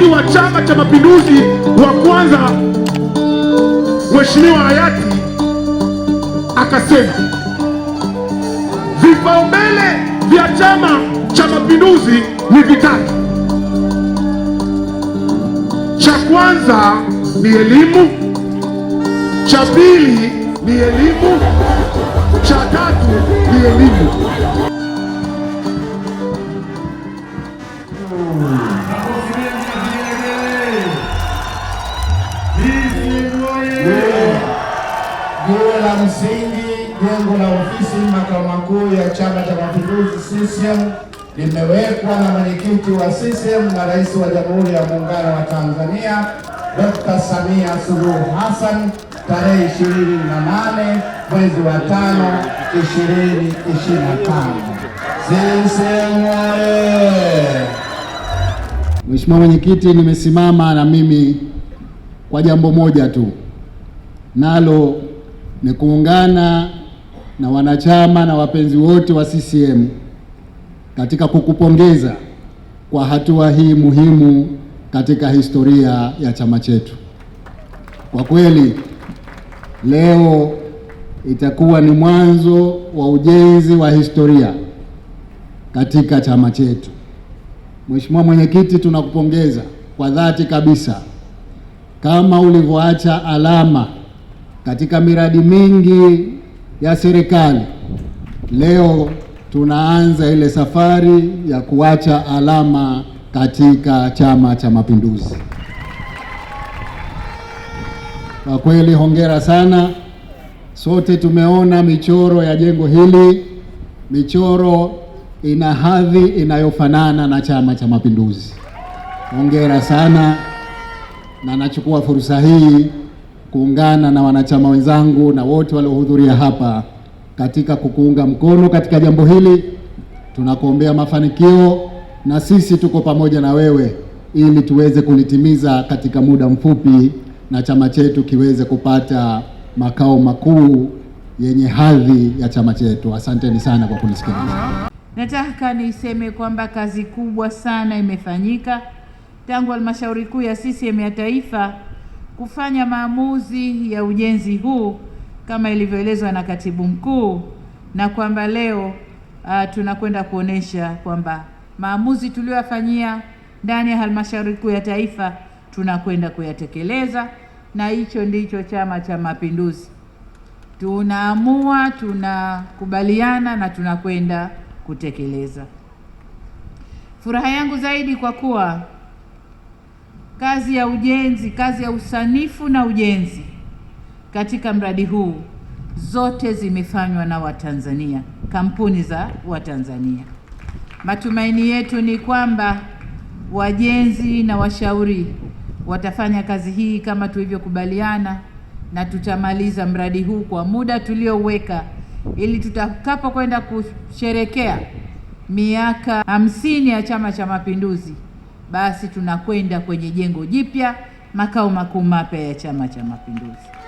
mwenyekiti wa Chama cha Mapinduzi wa kwanza Mheshimiwa hayati akasema vipaumbele vya Chama cha Mapinduzi ni vitatu. Cha kwanza ni elimu, cha pili ni elimu, cha tatu ni elimu. jiwe la msingi jengo la ofisi makao makuu ya Chama cha Mapinduzi CCM limewekwa na mwenyekiti wa CCM na rais wa Jamhuri ya Muungano wa Tanzania Dr. Samia Suluhu Hassan tarehe 28 mwezi wa 5 2025. CCM oyee! Mheshimiwa mwenyekiti, nimesimama na mimi kwa jambo moja tu nalo ni kuungana na wanachama na wapenzi wote wa CCM katika kukupongeza kwa hatua hii muhimu katika historia ya chama chetu. Kwa kweli leo itakuwa ni mwanzo wa ujenzi wa historia katika chama chetu. Mheshimiwa Mwenyekiti, tunakupongeza kwa dhati kabisa kama ulivyoacha alama katika miradi mingi ya serikali leo tunaanza ile safari ya kuacha alama katika Chama cha Mapinduzi. Kwa kweli hongera sana, sote tumeona michoro ya jengo hili, michoro ina hadhi inayofanana na Chama cha Mapinduzi. Hongera sana, na nachukua fursa hii kuungana na wanachama wenzangu na wote waliohudhuria hapa katika kukuunga mkono katika jambo hili. Tunakuombea mafanikio, na sisi tuko pamoja na wewe ili tuweze kulitimiza katika muda mfupi na chama chetu kiweze kupata makao makuu yenye hadhi ya chama chetu. Asanteni sana kwa kunisikiliza. Nataka niseme kwamba kazi kubwa sana imefanyika tangu halmashauri kuu ya CCM ya taifa kufanya maamuzi ya ujenzi huu kama ilivyoelezwa na katibu mkuu, na kwamba leo uh, tunakwenda kuonesha kwamba maamuzi tuliyoyafanyia ndani ya halmashauri kuu ya taifa tunakwenda kuyatekeleza, na hicho ndicho Chama cha Mapinduzi. Tunaamua, tunakubaliana na tunakwenda kutekeleza. Furaha yangu zaidi kwa kuwa kazi ya ujenzi, kazi ya usanifu na ujenzi katika mradi huu zote zimefanywa na Watanzania, kampuni za Watanzania. Matumaini yetu ni kwamba wajenzi na washauri watafanya kazi hii kama tulivyokubaliana, na tutamaliza mradi huu kwa muda tulioweka, ili tutakapokwenda kusherekea miaka hamsini ya Chama cha Mapinduzi basi tunakwenda kwenye jengo jipya, makao makuu mapya ya Chama cha Mapinduzi.